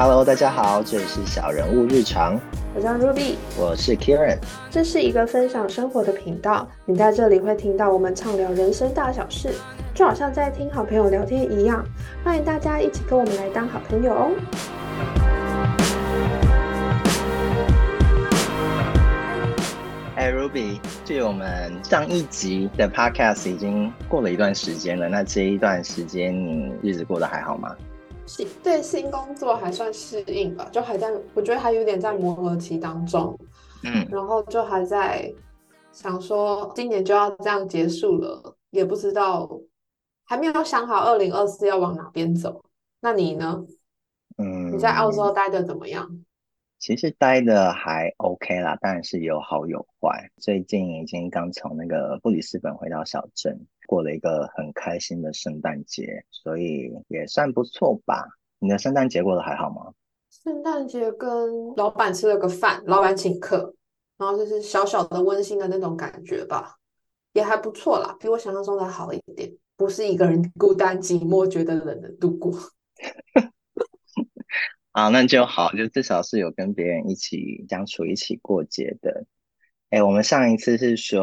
Hello，大家好，這裡是小人物日常。我叫 Ruby，我是 Keiran。是這是一個分享生活的頻道，你在這裡會聽到我們暢聊人生大小事，就好像在聽好朋友聊天一樣。歡迎大家一起跟我們來當好朋友哦。哎、hey，Ruby，就我們上一集的 Podcast 已經過了一段時間了，那這一段時間你日子過得還好嗎？對新工作還算適應吧，就還在，我覺得還有點在磨合期當中。嗯，然後就還在想說，今年就要這樣結束了，也不知道還沒有想好二零二四要往哪邊走。那你呢？嗯，你在澳洲待得怎麼樣？其實待得還 OK 啦，但是有好有壞。最近已經剛從那個布里斯本回到小鎮。過了一個很開心的聖誕節，所以也算不錯吧。你的聖誕節過得還好嗎？聖誕節跟老板吃了個飯，老板請客，然後就是小小的溫馨的那種感覺吧，也還不錯啦，比我想象中的好一點，不是一個人孤單寂寞覺得冷的度過。啊， 那就好，就至少是有跟別人一起相處、一起過節的。哎、欸，我們上一次是說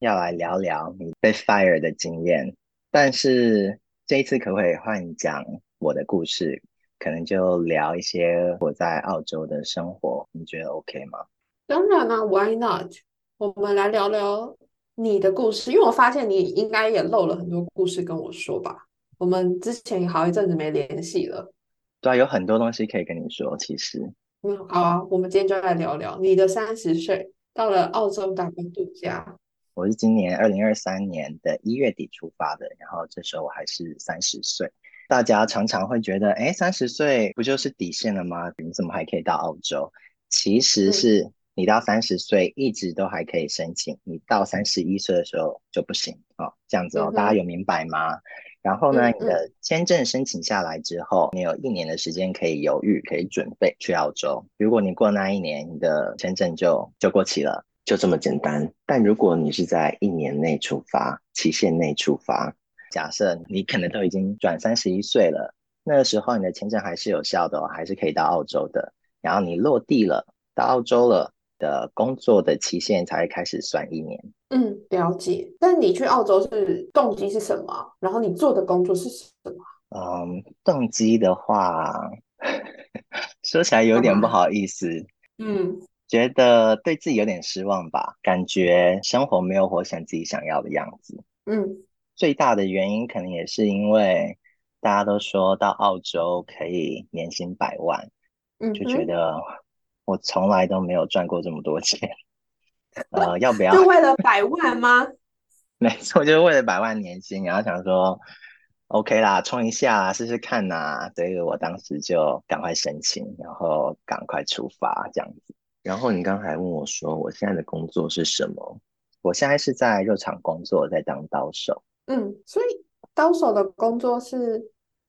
要來聊聊你被 fire 的經驗，但是這一次可不可以換你講我的故事？可能就聊一些我在澳洲的生活，你覺得 OK 嗎？當然啦、啊，Why not？我們來聊聊你的故事，因為我發現你應該也漏了很多故事跟我說吧。我們之前也好一陣子沒聯繫了，對、啊，有很多東西可以跟你說。其實，嗯，好、啊，我們今天就來聊聊你的三十歲。到了澳洲打工度假，我是今年二零二三年的一月底出發的，然後這時候我還是三十歲。大家常常會覺得，哎，三十歲不就是底線了嗎？你怎麼還可以到澳洲？其實是你到三十歲一直都還可以申請，對你到三十一歲的時候就不行哦。這樣子哦，呵大家有明白嗎？然後呢，你的簽證申請下來之後，你有一年的時間可以猶豫，可以準備去澳洲。如果你過那一年，你的簽證就就過期了，就這麼簡單。但如果你是在一年內出發，期限內出發，假設你可能都已經轉三十一歲了，那個時候你的簽證還是有效的哦，還是可以到澳洲的。然後你落地了，到澳洲了，的工作的期限才開始算一年。嗯，了解。但你去澳洲是動機是什麼？然後你做的工作是什麼？嗯，動機的話， 說起來有點不好意思。嗯，覺得對自己有點失望吧，感覺生活沒有活成自己想要的樣子。嗯，最大的原因可能也是因為大家都說到澳洲可以年薪百萬，嗯，嗯，就覺得。我從來都沒有賺過這麼多錢，呃， 要不要？就為了百萬嗎？ 沒錯，就是為了百萬年薪，然後想說，OK 啦，衝一下啦，試試看啦，所以我當時就趕快申請，然後趕快出發這樣子。然後你剛才問我說，我現在的工作是什麼？我現在是在肉廠工作，在當刀手。嗯，所以刀手的工作是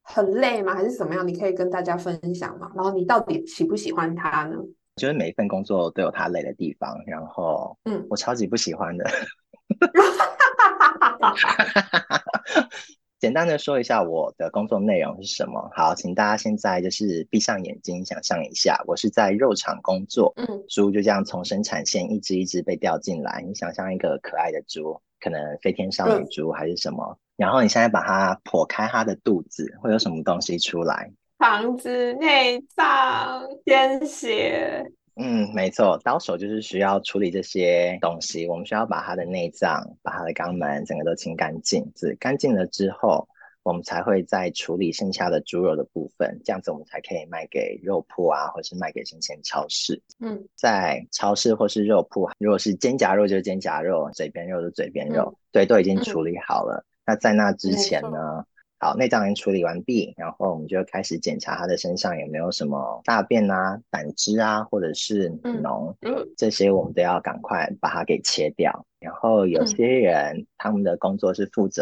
很累嗎？還是怎麼樣？你可以跟大家分享嗎？然後你到底喜不喜歡他呢？就是每一份工作都有它累的地方，然後，嗯，我超級不喜歡的。哈哈哈，簡單的說一下我的工作內容是什麼？好，請大家現在就是閉上眼睛，想象一下，我是在肉廠工作，嗯，豬就這樣從生產線一隻一隻被吊進來，你想象一個可愛的豬，可能飛天少女豬還是什麼，嗯、然後你現在把它剖開它的肚子，會有什麼東西出來？房子內臟、鮮血，嗯，沒錯，刀手就是需要處理這些東西。我們需要把它的內臟、把它的肛門整個都清乾淨。子乾淨了之後，我們才會再處理剩下的豬肉的部分。這樣子，我們才可以賣給肉鋪啊，或是賣給生鮮超市。嗯，在超市或是肉鋪，如果是肩胛肉就是肩胛肉，嘴邊肉就是嘴邊肉，嗯、對，都已經處理好了。嗯、那在那之前呢？好，內臟已經處理完畢，然後我們就開始檢查它的身上有沒有什麼大便啊、膽汁啊，或者是膿，嗯嗯、這些我們都要趕快把它給切掉。然後有些人、嗯、他們的工作是負責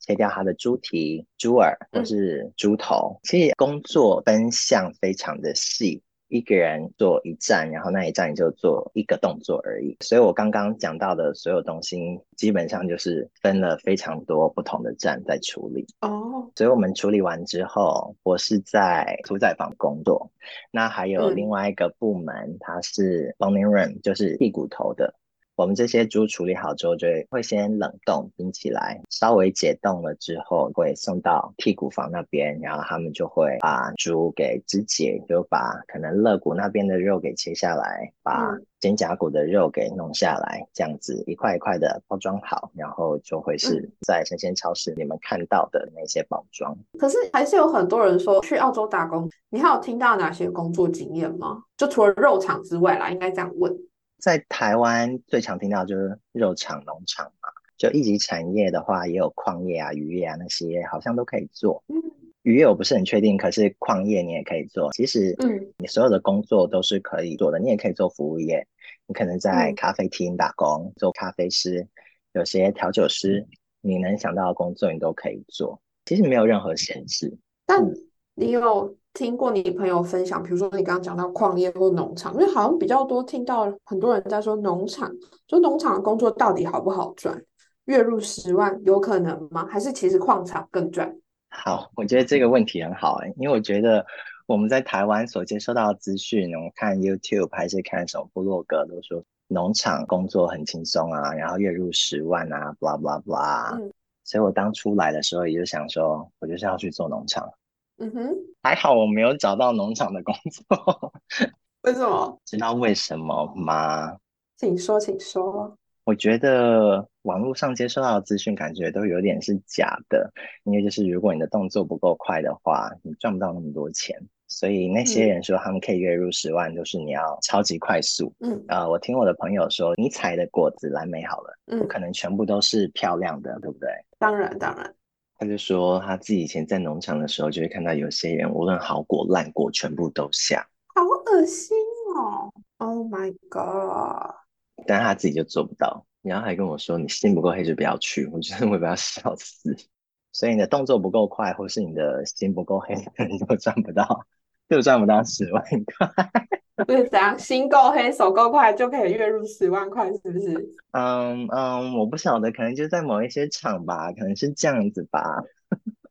切掉它的豬蹄、豬耳或是豬頭，嗯、其實工作分項非常的細。一個人做一站，然後那一站就做一個動作而已。所以我剛剛講到的所有東西，基本上就是分了非常多不同的站在處理。哦，oh. 所以我們處理完之後，我是在屠宰房工作，那還有另外一個部門，他、嗯、是 bone room，就是剔骨頭的。我們這些豬處理好之後，就會先冷凍冰起來，稍微解凍了之後，會送到剔骨房那邊，然後他們就會把豬給肢解，就把可能肋骨那邊的肉給切下來，把肩胛骨的肉給弄下來，嗯、這樣子一塊一塊的包裝好，然後就會是在生鮮超市你們看到的那些包裝。可是還是有很多人說去澳洲打工，你還有聽到哪些工作經驗嗎？就除了肉廠之外啦，應該這樣問。在台灣最常聽到就是肉廠、農場嘛，就一級產業的話，也有礦業啊、漁業啊那些，好像都可以做。嗯、漁業我不是很確定，可是礦業你也可以做。其實，嗯，你所有的工作都是可以做的，嗯、你也可以做服務業。你可能在咖啡廳打工，嗯、做咖啡師，有些調酒師，你能想到的工作你都可以做。其實沒有任何限制，但你有。聽過你朋友分享，比如說你剛剛講到礦業或農場，因為好像比較多聽到很多人在說農場，說農場的工作到底好不好賺？月入十萬有可能嗎？還是其實礦場更賺？好，我覺得這個問題很好欸，因為我覺得我們在台灣所接收到的資訊，我們看 YouTube 還是看什麼部落格，都說農場工作很輕鬆啊，然後月入十萬啊 blah blah blah。嗯，所以我當初來的時候也就想說，我就是要去做農場。嗯哼，還好我沒有找到農場的工作。為什麼？知道為什麼嗎？請說，請說。我覺得網絡上接收到的資訊感覺都有點是假的，因為就是如果你的動作不夠快的話，你賺不到那麼多錢。所以那些人說他們可以月入十萬，就是你要超級快速。嗯，呃，我聽我的朋友說，你採的果子藍莓好了，不、嗯、可能全部都是漂亮的，對不對？當然，當然。他就說他自己以前在農場的時候，就會看到有些人無論好果爛果，全部都下，好噁心哦！Oh my god！但他自己就做不到，然後還跟我說你心不夠黑就不要去，我覺得會被他笑死。所以你的動作不夠快，或是你的心不夠黑，你就賺不到，就賺不到十萬塊。對， 是怎樣心夠黑，手夠快，就可以月入十萬塊，是不是？嗯嗯，我不曉得，可能就在某一些廠吧，可能是這樣子吧。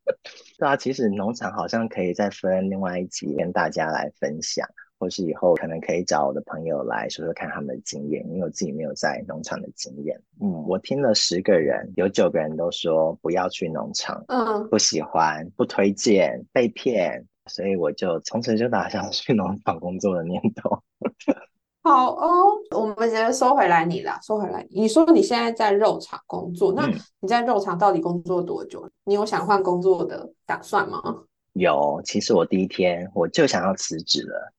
對啊，其實農場好像可以再分另外一集跟大家來分享，或是以後可能可以找我的朋友來說說看他們的經驗，因為我自己沒有在農場的經驗。嗯，我聽了十個人，有九個人都說不要去農場，嗯，uh. 不喜歡，不推薦，被騙。所以我就從此就打消去農場工作的念頭。好哦，我們直接收回來你了，收回來你。你說你現在在肉廠工作，嗯、那你在肉廠到底工作多久？你有想換工作的打算嗎？有，其實我第一天我就想要辭職了，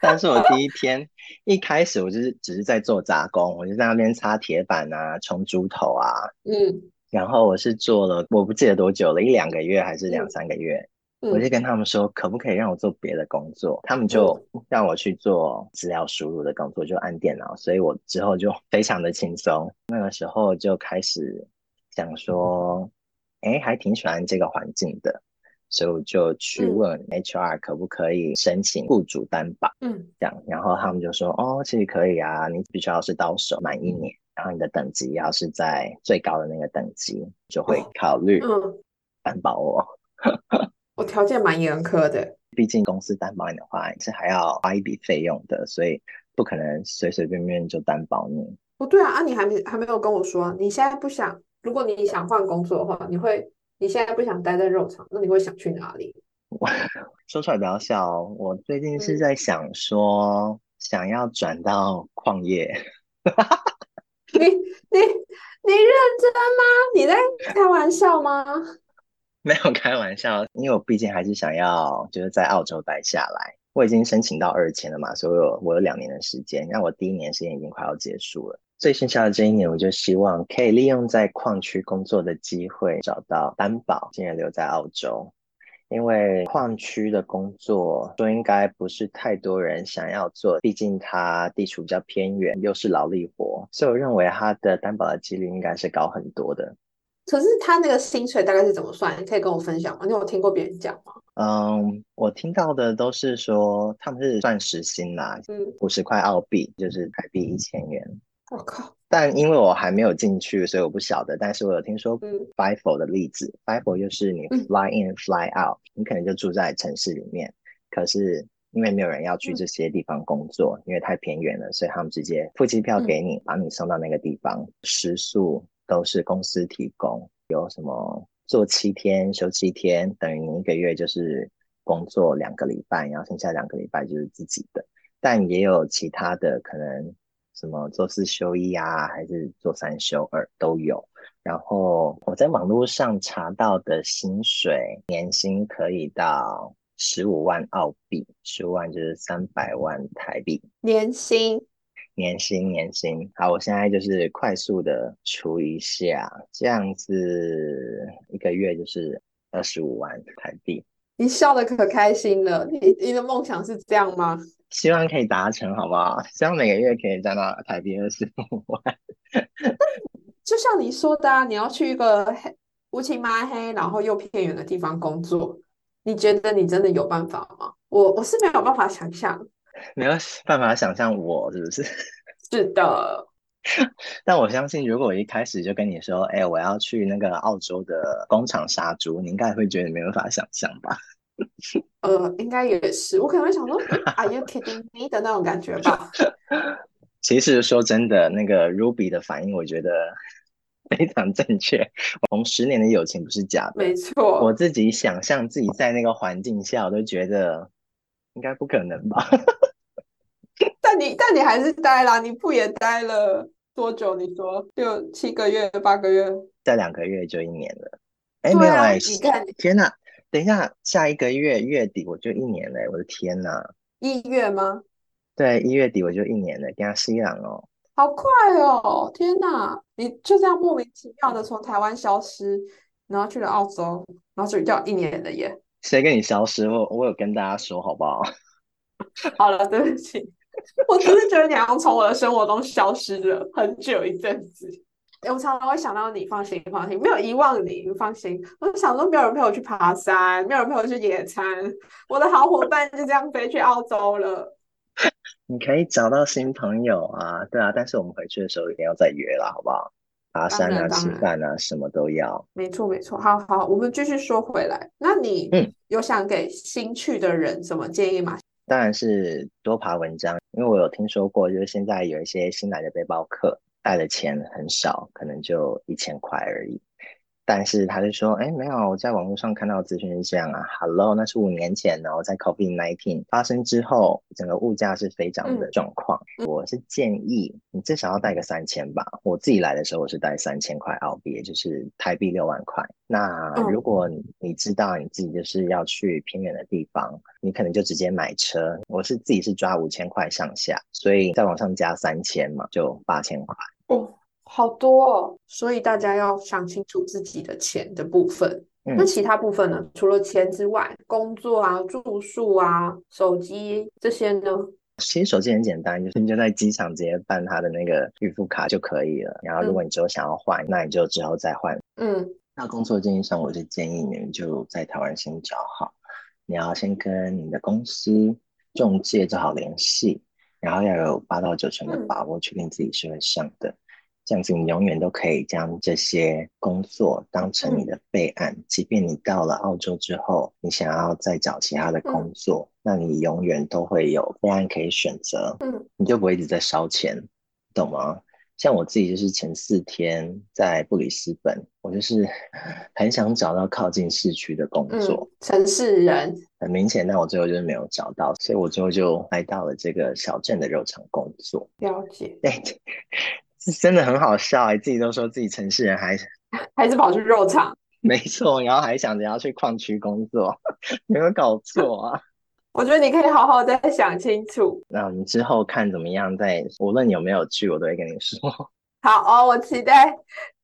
但是，我第一天一開始我就是只是在做雜工，我就在那邊擦鐵板啊，沖豬頭啊，嗯。然後我是做了，我不記得多久了，一兩個月還是兩三個月，嗯嗯、我就跟他們說，可不可以讓我做別的工作？他們就讓我去做資料輸入的工作，就按電腦。所以我之後就非常的輕鬆。那個時候就開始想說，哎、嗯，還挺喜歡這個環境的，所以我就去問 HR 可不可以申請僱主擔保，嗯，這樣，然後他們就說，哦，其實可以啊，你必須要是刀手滿一年。然後你的等級要是在最高的那個等級，就會考慮嗯擔保我、嗯，我條件蠻嚴苛的。 畢竟公司擔保你的話，你是還要花一筆費用的，所以不可能隨隨便便，便就擔保你。不、哦、對啊，啊你還沒還沒有跟我說你現在不想，如果你想換工作的話，你會你現在不想待在肉場那你會想去哪裡？說出來比較笑、哦、我最近是在想說，嗯、想要轉到礦業。 你你你認真嗎？你在開玩笑嗎？沒有開玩笑，因為我畢竟還是想要，就是在澳洲待下來。我已經申請到二簽了嘛，所以我有我有兩年的時間。那我第一年時間已經快要結束了，所以剩下的這一年，我就希望可以利用在礦區工作的機會，找到擔保，進而留在澳洲。因為礦區的工作，都應該不是太多人想要做，畢竟它地處比較偏遠，又是勞力活，所以我認為它的擔保的幾率應該是高很多的。可是它那個薪水大概是怎麼算？你可以跟我分享嗎？你有聽過別人講嗎？嗯，我聽到的都是說他們是算時薪啦，五十、嗯、塊澳幣就是台幣一千元。我靠！Oh, 但因為我還沒有進去，所以我不曉得。但是我有聽說 FIFO 的例子、嗯、FIFO 就是你 fly in fly out，、嗯、你可能就住在城市裡面，可是因為沒有人要去這些地方工作，嗯、因為太偏遠了，所以他們直接付機票給你，把你送到那個地方，食宿、嗯、都是公司提供。有什麼做七天休七天，天等於你一個月就是工作兩個禮拜，然後剩下兩個禮拜就是自己的。但也有其他的可能。什麼做四休一啊，還是做三休二都有。然後我在網絡上查到的薪水，年薪可以到十五萬澳幣，十五萬就是三百萬台幣。年薪？年薪？年薪？好，我現在就是快速的除一下，這樣子一個月就是二十五萬台幣。你笑得可開心了，你你的夢想是這樣嗎？希望可以達成，好不好？希望每個月可以賺到台幣二十五萬。那就像你說的，啊，你要去一個黑、烏漆嘛黑，然後又偏遠的地方工作，你覺得你真的有辦法嗎？我我是沒有辦法想象，沒有辦法想象，我是不是？是的。 但我相信，如果我一開始就跟你說，哎、欸，我要去那個澳洲的工廠殺豬，你應該會覺得沒有辦法想象吧？呃，應該也是，我可能會想說 “Are you kidding me” 的那種感覺吧。其實說真的，那個 Ruby 的反應，我覺得非常正確。我們十年的友情不是假的，沒錯錯。我自己想象自己在那個環境下，我都覺得應該不可能吧。 但你但你還是待了，你不也待了多久？你說六七個月、八個月，再兩個月就一年了。欸啊、哎，沒有哎，你看，天哪！等一下，下一個月月底我就一年了，我的天吶！一月嗎？對，一月底我就一年了，等下，是一樣哦。好快哦，天哪！你就這樣莫名其妙的從台灣消失，然後去了澳洲，然後就掉一年了耶！誰跟你消失？我我有跟大家說好不好？ 好了，對不起，我只是覺得你好像從我的生活中消失了很久一陣子。誒，我常常會想到你，放心，放心，沒有遺忘你，你放心。我想到沒有人陪我去爬山，沒有人陪我去野餐，我的好夥伴就這樣飛去澳洲了。你可以找到新朋友啊，對啊，但是我們回去的時候一定要再約了，好不好？爬山啊，然吃飯啊，然什麼都要。沒錯，沒錯。好，好好，我們繼續說回來。那你、嗯、有想給新去的人什麼建議嗎？當然是多爬文章，因為我有聽說過，就是現在有一些新來的背包客。帶的錢很少，可能就一千塊而已。但是他就說：“哎、欸，沒有，我在網絡上看到的資訊是這樣啊。”“哈嘍，那是五年前，然後在 COVID-19 發生之後，整個物價是飛漲的狀況。嗯”我是建議你至少要帶個三千吧。我自己來的時候，我是帶三千塊澳幣，就是台幣六萬塊。那如果你知道你自己就是要去偏遠的地方，你可能就直接買車。我是自己是抓五千塊上下，所以再往上加三千嘛，就八千塊。哦，好多哦，所以大家要想清楚自己的錢的部分。嗯、那其他部分呢？除了錢之外，工作啊、住宿啊、手機這些呢？其實手機很簡單，就是你就在機場直接辦他的那個預付卡就可以了。嗯、然後如果你之後想要換，那你就之後再換。嗯，那工作建議上，我是建議你們就在台灣先找好。你要先跟你的公司中介做好聯繫。然後要有八到九成的把握，嗯、確定自己是會上的，這樣子你永遠都可以將這些工作當成你的備案。嗯、即便你到了澳洲之後，你想要再找其他的工作，嗯、那你永遠都會有備案可以選擇。嗯，你就不會一直在燒錢，懂嗎？像我自己就是前四天在布里斯本，我就是很想找到靠近市區的工作，嗯、城市人很明顯。但我最後就是沒有找到，所以我最後就來到了這個小鎮的肉廠工作。了解，對真的很好笑，自己都說自己城市人還，還還是跑去肉廠，沒錯。然後還想着要去礦區工作，呵呵有沒有搞錯啊。 我覺得你可以好好再想清楚。那我們之後看怎麼樣再、再無論你有沒有去，我都會跟你說。好哦，我期待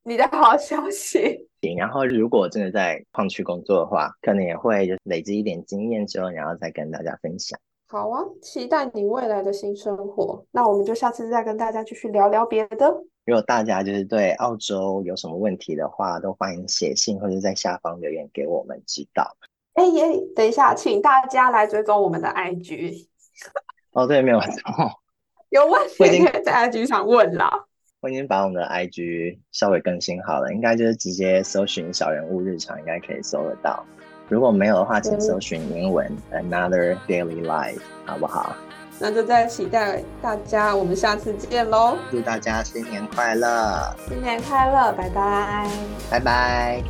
你的好消息。然後如果真的在礦區工作的話，可能也會就是累積一點經驗之後，然後再跟大家分享。好啊，期待你未來的新生活。那我們就下次再跟大家繼續聊聊別的。如果大家就是對澳洲有什麼問題的話，都歡迎寫信或者在下方留言給我們知道。哎耶！等一下，請大家來追蹤我們的 IG。哦，對，沒有。哦、有問題我已經在 IG 上問了。我已經把我們的 IG 稍微更新好了，應該就是直接搜尋“小人物日常”，應該可以搜得到。如果沒有的話，請搜尋英文對 “Another Daily Life”，好不好？那就再期待大家，我們下次見嘍！祝大家新年快樂！新年快樂！拜拜！拜拜！